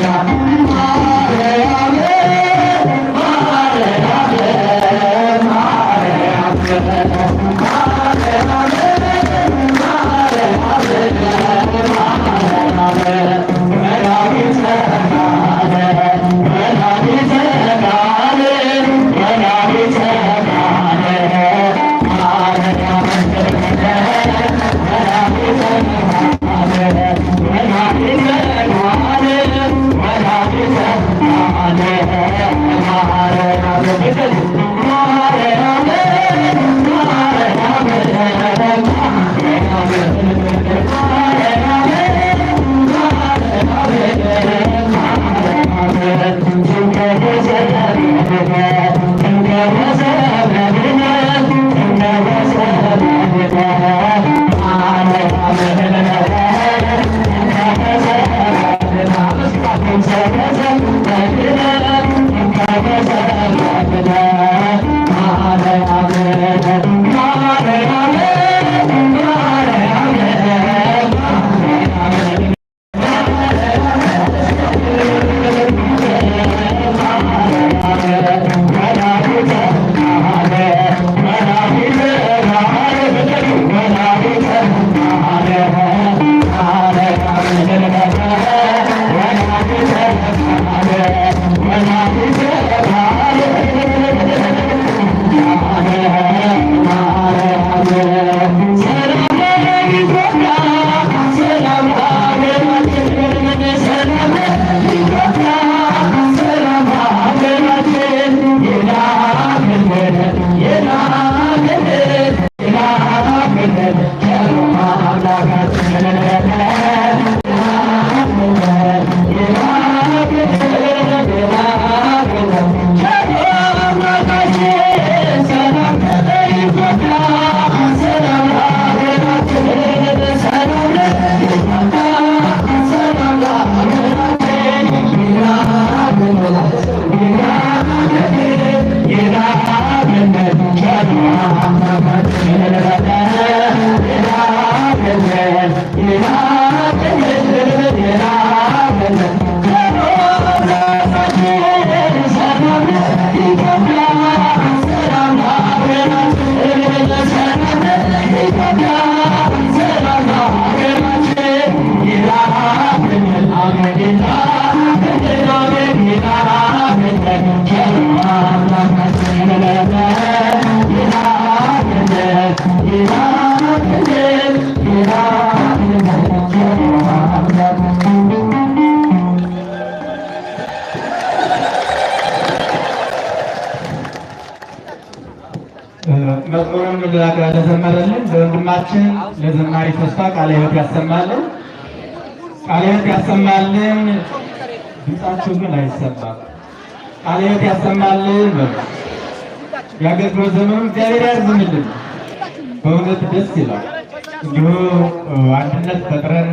Yeah. ለዘመረልን ለወንድማችን ለዘማሪ ተስፋ ቃለ ሕይወት ያሰማልን። ቃለ ሕይወት ያሰማልን። ድምጻችሁ ግን አይሰማም። ቃለ ሕይወት ያሰማልን። የአገልግሎት ዘመኑ እግዚአብሔር ያርዝምልን። በእውነት ደስ ይላል። እንዲሁ አንድነት ፈጥረን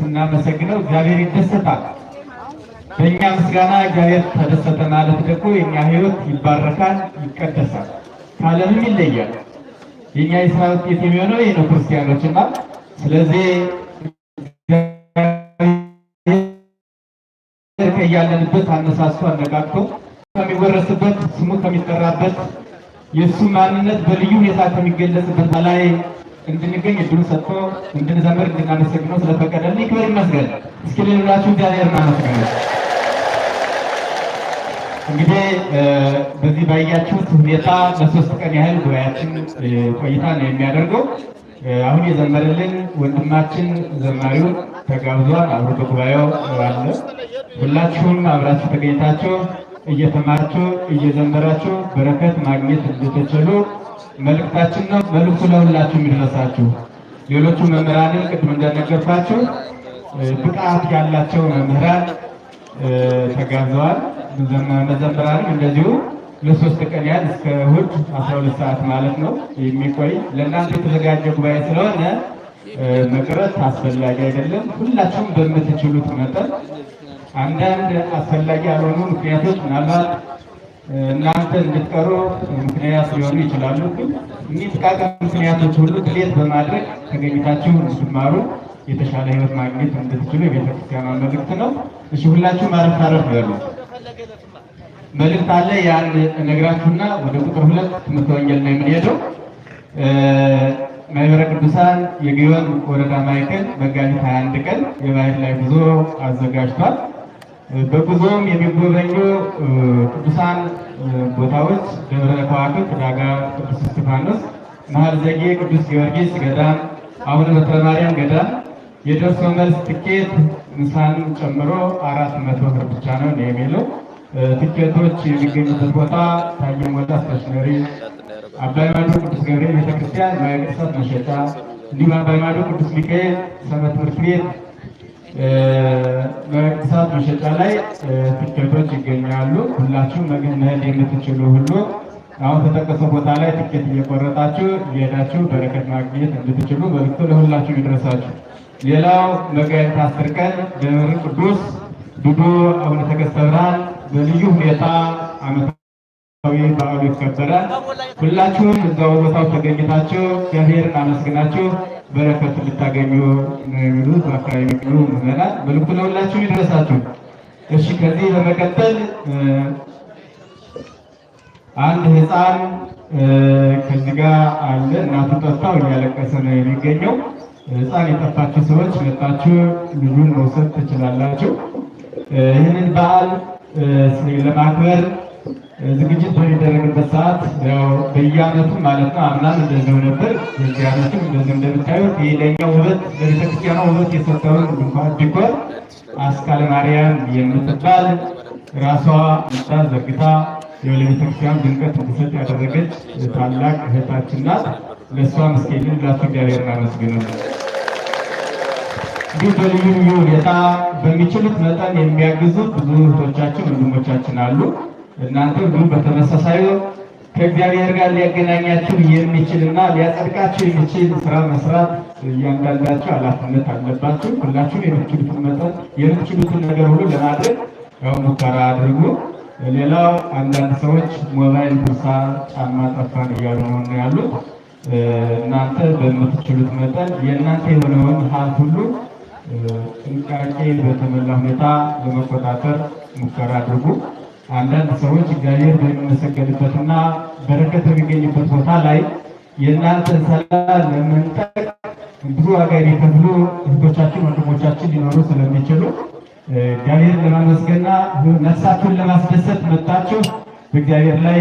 ስናመሰግነው እግዚአብሔር ይደሰታል። በእኛ ምስጋና እግዚአብሔር ተደሰተ ማለት ደግሞ የእኛ ሕይወት ይባረካል፣ ይቀደሳል፣ ከዓለምም ይለያል። የኛ የስራ ውጤት የሚሆነው ይህ ነው ክርስቲያኖች እና ስለዚህ ከያለንበት አነሳስቶ አነቃቅቶ ከሚወረስበት ስሙ ከሚጠራበት የእሱ ማንነት በልዩ ሁኔታ ከሚገለጽበት በላይ እንድንገኝ እድሉ ሰጥቶ እንድንዘምር እንድናመሰግነው ስለፈቀደልን ይክበር ይመስገን። እስኪ ሌሎላችሁ እግዚአብሔርን አመስግኑ። እንግዲህ በዚህ ባያችሁት ሁኔታ ለሶስት ቀን ያህል ጉባኤያችን ቆይታ ነው የሚያደርገው። አሁን የዘመረልን ወንድማችን ዘማሪው ተጋብዟል። አብሮ በጉባኤው አለ። ሁላችሁም አብራችሁ ተገኝታችሁ እየተማራችሁ እየዘመራችሁ በረከት ማግኘት እንድትችሉ መልእክታችን ነው። መልእክቱ ለሁላችሁ የሚደረሳችሁ ሌሎቹ መምህራንን ቅድም እንደነገርኳችሁ ብቃት ያላቸው መምህራን ተጋብዘዋል። መዘምራንም እንደዚሁ ለሶስት ቀን ያህል እስከ እሑድ 12 ሰዓት ማለት ነው የሚቆይ ለእናንተ የተዘጋጀ ጉባኤ ስለሆነ መቅረት አስፈላጊ አይደለም። ሁላችሁም በምትችሉት መጠን አንዳንድ አስፈላጊ ያልሆኑ ምክንያቶች ምናልባት እናንተ እንድትቀሩ ምክንያት ሊሆኑ ይችላሉ። ግን ጥቃቅን ምክንያቶች ሁሉ ድሌት በማድረግ ተገኝታችሁ እንድትማሩ የተሻለ ሕይወት ማግኘት እንድትችሉ የቤተክርስቲያኗ መልዕክት ነው። እሺ ሁላችሁም አረፍ አረፍ በሉ። መልእክት አለ። ያን ነግራችሁና ወደ ቁጥር ሁለት ትምህርተ ወንጌል ነው የምንሄደው። ማህበረ ቅዱሳን የግዮን ወረዳ ማዕከል መጋቢት 21 ቀን የባህር ላይ ጉዞ አዘጋጅቷል። በጉዞም የሚጎበኙ ቅዱሳን ቦታዎች ደብረ ከዋክብት፣ ዳጋ ቅዱስ እስጢፋኖስ፣ መሀል ዘጌ ቅዱስ ጊዮርጊስ ገዳም፣ አቡነ በትረ ማርያም ገዳም የደርሶ መልስ ትኬት ምሳንም ጨምሮ አራት መቶ ብር ብቻ ነው የሚለው ትኬቶች የሚገኙበት ቦታ ታየ ሞላ ስቴሽነሪ፣ አባይ ማዶ ቅዱስ ገብርኤል ቤተክርስቲያን ማቅርሳት መሸጫ፣ እንዲሁም አባይ ማዶ ቅዱስ ሚካኤል ሰንበት ትምህርት ቤት መቅሳት መሸጫ ላይ ትኬቶች ይገኛሉ። ሁላችሁም መሄድ የምትችሉ ሁሉ አሁን ተጠቀሰው ቦታ ላይ ትኬት እየቆረጣችሁ እየሄዳችሁ በረከት ማግኘት እንድትችሉ መልዕክቱ ለሁላችሁ ይድረሳችሁ። ሌላው መጋቢት አስር ቀን ደብረ ቅዱስ ዱዱ አቡነ ተገሰ ብርሃን በልዩ ሁኔታ ዓመታዊ በዓሉ ይከበራል። ሁላችሁም እዛው ቦታው ተገኝታችሁ እግዚአብሔርን አመስግናችሁ በረከት ልታገኙ ነው የሚሉት በአካባቢ የሚገኙ ምዕመናን መልዕክቱ ለሁላችሁ ይድረሳችሁ። እሺ፣ ከዚህ በመቀጠል አንድ ህፃን ከዚህ ጋር አለ። እናቱ ጠፍታው እያለቀሰ ነው የሚገኘው። ህፃን የጠፋችሁ ሰዎች መጣችሁ ልጁን መውሰድ ትችላላችሁ። ይህንን በዓል ለማክበር ዝግጅት በሚደረግበት ሰዓት ያው በየዓመቱ ማለት ነው። አምናም እንደዚሁ ነበር፣ በዚህ ዓመትም እንደዚሁ እንደምታዩት የሌላኛው ውበት ለቤተክርስቲያኗ ውበት የሰጠውን ዲኮር አስካለ ማርያም የምትባል ራሷ ምጣ ዘርግታ ለቤተክርስቲያን ድምቀት እንዲሰጥ ያደረገች ታላቅ እህታችን ናት። ለእሷ ምስኪንን ላቱ እግዚአብሔርን አመስግናለሁ። እንዲህ በልዩ ልዩ ሁኔታ በሚችሉት መጠን የሚያግዙ ብዙ እህቶቻችን ወንድሞቻችን አሉ። እናንተ ግን በተመሳሳዩ ከእግዚአብሔር ጋር ሊያገናኛችሁ የሚችልና ሊያጸድቃችሁ የሚችል ስራ መስራት እያንዳንዳችሁ ኃላፊነት አለባችሁ። ሁላችሁም የምትችሉትን መጠን የምትችሉትን ነገር ሁሉ ለማድረግ ያው ሙከራ አድርጉ። ሌላው አንዳንድ ሰዎች ሞባይል ብርሳ ጫማ ጠፋን እያሉ ነው ያሉት። እናንተ በምትችሉት መጠን የእናንተ የሆነውን ሀብት ሁሉ ጥንቃቄ በተሞላ ሁኔታ ለመቆጣጠር ሙከራ አድርጉ። አንዳንድ ሰዎች እግዚአብሔር በሚመሰገንበትና በረከት በሚገኝበት ቦታ ላይ የእናንተ ሰላም ለመንጠቅ ብዙ ዋጋ የሚከፍሉ እህቶቻችን ወንድሞቻችን ሊኖሩ ስለሚችሉ እግዚአብሔር ለማመስገንና ነፍሳችሁን ለማስደሰት መጣችሁ በእግዚአብሔር ላይ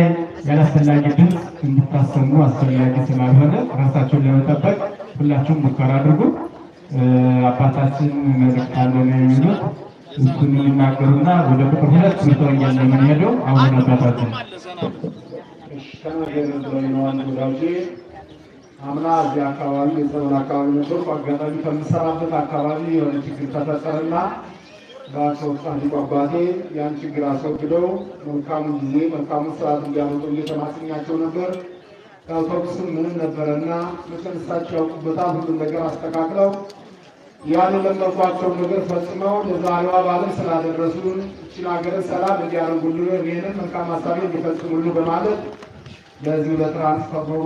ያላስፈላጊ ድምፅ እንድታሰሙ አስፈላጊ ስላልሆነ ራሳችሁን ለመጠበቅ ሁላችሁም ሙከራ አድርጉ። አባታችን መልእክት የሚሉት እሱን የሚናገሩና ወደ ቁጥር ሁለት ምርተወኛል የምንሄደው አሁን አባታችን አምና እዚህ አካባቢ የጸበል አካባቢ ነበሩ። በአጋጣሚ ከምሰራበት አካባቢ የሆነ ችግር ተፈጠረና በአቶ ጻድቁ አባቴ ያን ችግር አስወግደው መልካሙን ጊዜ መልካሙን ስርዓት እንዲያመጡ እየተማጽኛቸው ነበር። አውቶቡስም ምንም ነበረ እና መተንሳቸው ያውቁበታል። ሁሉም ነገር አስተካክለው ያን የለመድኳቸውን ነገር ፈጽመው ለዛሬዋ ባለም ስላደረሱን እችን ሀገር ሰላም እንዲያደርጉልን ይህንን መልካም ሀሳቢ እንዲፈጽሙሉ በማለት ለዚሁ ለትራንስፈሩ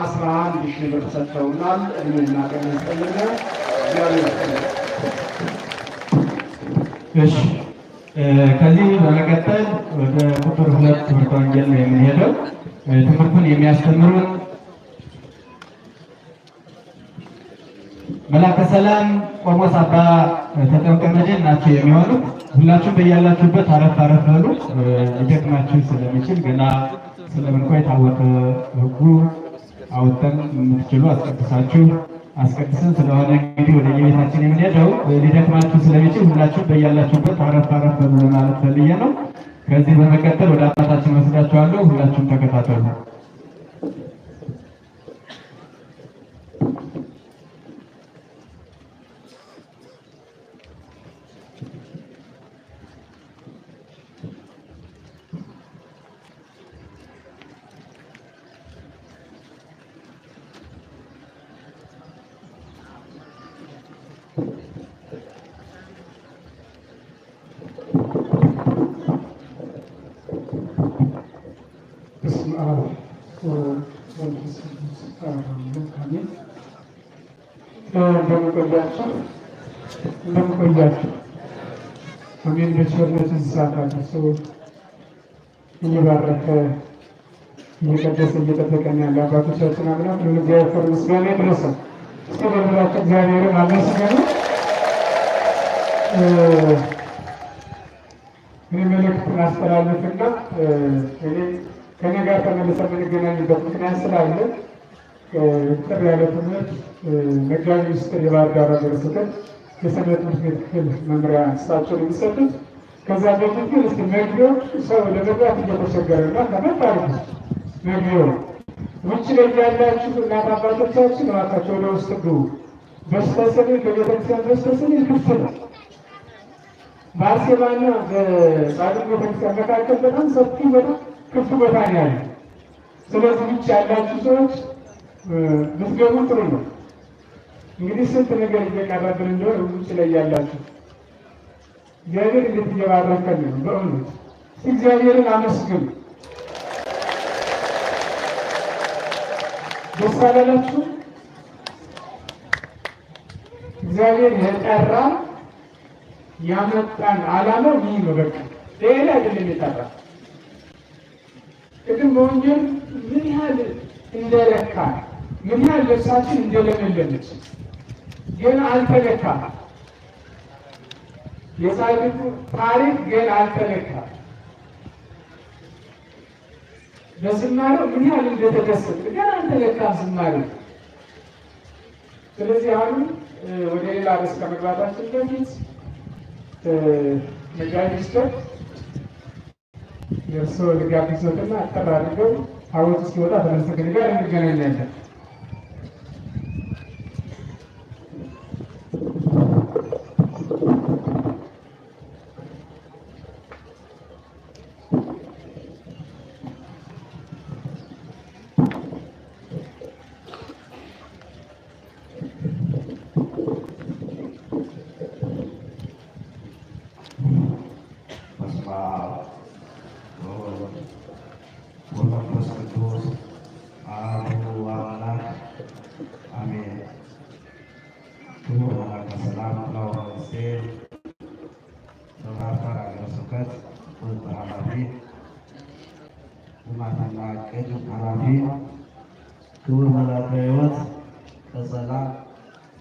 አስራ አንድ ሺህ ብር ሰጥተውናል። እድሜና ቀን ያስጠልነ እሺ ከዚህ በመቀጠል ወደ ቁጥር ሁለት ትምህርት ወንጌል ነው የምንሄደው። ትምህርቱን የሚያስተምሩን መላከ ሰላም ቆሞስ አባ ተጠምቀ መድኅን ናቸው የሚሆኑት። ሁላችሁም በያላችሁበት አረፍ አረፍ በሉ። ሊደክማችሁ ስለሚችል ገና ስለምንኳ የታወቀ ሕጉ አውጥተን የምትችሉ አስቀድሳችሁ አስቀድሰን ስለሆነ እንግዲህ ወደ የቤታችን የምንሄደው ሊደክማችሁ ስለሚችል ሁላችሁም በያላችሁበት አረፍ አረፍ በሉ ለማለት ፈልጌ ነው። ከዚህ በመቀጠል ወደ አባታችን ወስዳችኋለሁ። ሁላችሁም ተከታተሉ። አብ እንስሳት አድርሶ እየባረከ እየቀደሰ እየጠበቀን ያለ አባቶቻችን አምላክ ለእግዚአብሔር ምስጋና ይድረሰው። እስኪ በብራቸው እግዚአብሔርን አመስግኑ። እኔ መልእክት ማስተላለፍና እኔ ከኔ ጋር ተመልሰን የምንገናኝበት ምክንያት ስላለ ጥር ያለ ትምህርት መጋቢ ሚኒስትር የባህር ዳር ሀገረ ስብከት የሰንበት ትምህርት ቤት ክፍል መምሪያ እሳቸው የሚሰጡት። ከዛ በፊት ግን እስኪ መግቢያው ሰው ለመግባት እየተቸገረ እና ተመጣሪ መግቢያው ውጭ ላይ ያላችሁ እናት አባቶቻችን እባካችሁ ወደ ውስጥ ግቡ። በስተሰሜ ከቤተክርስቲያን በስተሰሜ ክፍት ነው። በአርሴማና በጻድቅ ቤተክርስቲያን መካከል በጣም ሰፊ በጣም ክፍት ቦታ ነው ያለ። ስለዚህ ብቻ ያላችሁ ሰዎች ምስገቡ ጥሩ ነው። እንግዲህ ስንት ነገር እየቀረብን እንደሆነ ውጭ ላይ ያላችሁ እግዚአብሔር እንዴት ነው! በእውነት እግዚአብሔርን አመስግኑ። ደስ አላላችሁ? እግዚአብሔር የጠራ ያመጣን ዓላማው ይህ ነው። በቃ ሌላ አይደለም የጠራ ቅድም በወንጌል ምን ያህል እንደለካ ምን ያህል ነፍሳችን እንደለመለመች ግን አልተለካ። የጻድቁ ታሪክ ግን አልተለካ። በዝማሬው ምን ያህል እንደተደሰተ ግን አልተለካ ዝማሬው። ስለዚህ አሁን ወደ ሌላ ርዕስ ከመግባታችን በፊት መጋቢት ደርሶ ልጋብዞትና አጠራ አድርገው ሐውልቱ እስኪወጣ ተመስገን ጋር እንገናኛለን።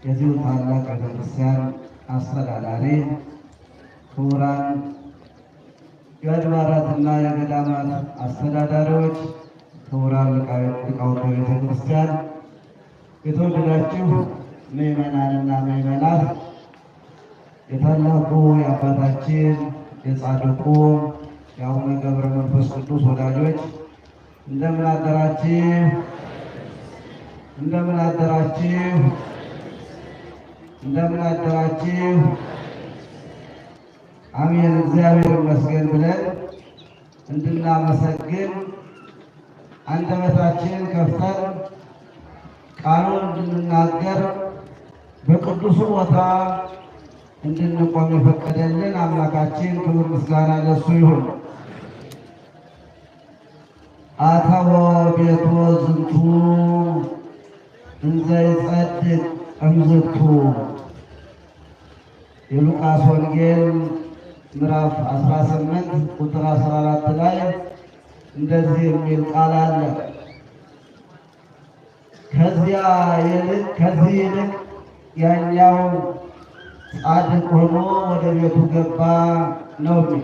የዚሁ ታላቅ ቤተክርስቲያን አስተዳዳሪ ክቡራን የአድባራትና የገዳማት አስተዳዳሪዎች፣ ክቡራን ሊቃውንተ ቤተክርስቲያን፣ የተወደዳችሁ ምዕመናንና ምዕመናት የታላቁ የአባታችን የጻድቁ የአቡነ ገብረ መንፈስ ቅዱስ ወዳጆች እንደምን አደራችሁ? እንደምን አደራችሁ? እንደምን አደራችሁ? አሜን እግዚአብሔር ይመስገን ብለን እንድናመሰግን አንደበታችንን ከፍተን ቃሉን እንድንናገር በቅዱሱ ቦታ እንድንቆም የፈቀደልን አምላካችን ክብር ምስጋና ለሱ ይሁን። አተቦ ቤቱ ዝንቱ እንዘ እምዝቱ የሉቃስ ወንጌል ምዕራፍ 18 ቁጥር 14 ላይ እንደዚህ የሚል ቃል አለ። ከዚያ ይልቅ ከዚህ ይልቅ ያኛው ጻድቅ ሆኖ ወደ ቤቱ ገባ ነው የሚል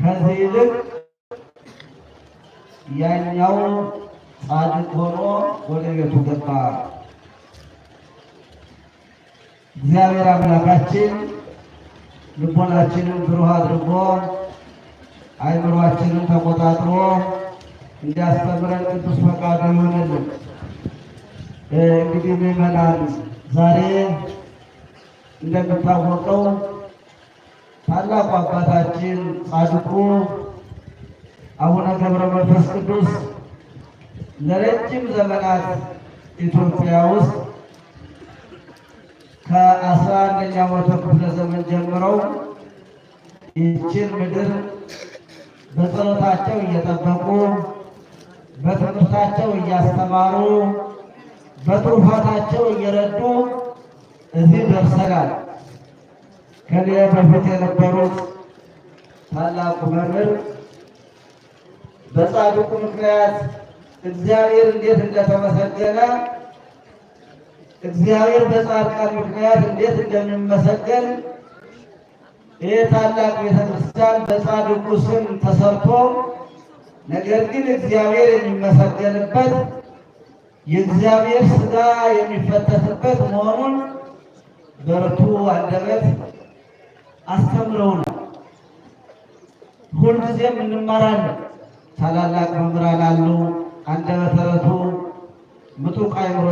ከዚህ ይልቅ ያኛው ጻድቅ ሆኖ ወደ ቤቱ ገባ እግዚአብሔር አምላካችን ልቦናችንን ብሩህ አድርጎ አይምሯችንን ተቆጣጥሮ እንዲያስተምረን ቅዱስ ፈቃዱ ይሆንልን። እንግዲህ ምዕመናን ዛሬ እንደምታወቀው ታላቁ አባታችን ጻድቁ አቡነ ገብረ መንፈስ ቅዱስ ለረጅም ዘመናት ኢትዮጵያ ውስጥ ከአስራ አንደኛ መቶ ክፍለ ዘመን ጀምረው ይህችን ምድር በጸሎታቸው እየጠበቁ በትምህርታቸው እያስተማሩ በትሩፋታቸው እየረዱ እዚህ ደርሰናል። ከኔ በፊት የነበሩት ታላቁ መምህር በጻድቁ ምክንያት እግዚአብሔር እንዴት እንደተመሰገነ እግዚአብሔር በጻድቃን ምክንያት እንዴት እንደሚመሰገን ይህ ታላቅ ቤተክርስቲያን በጻድቁ ስም ተሰርቶ ነገር ግን እግዚአብሔር የሚመሰገንበት የእግዚአብሔር ስጋ የሚፈተትበት መሆኑን በርቱ አንደበት ሁል ሁልጊዜም እንማራለን። ታላላቅ መምህራን አሉ። አንደበተ ርቱዕ ምጡቅ አይምሮ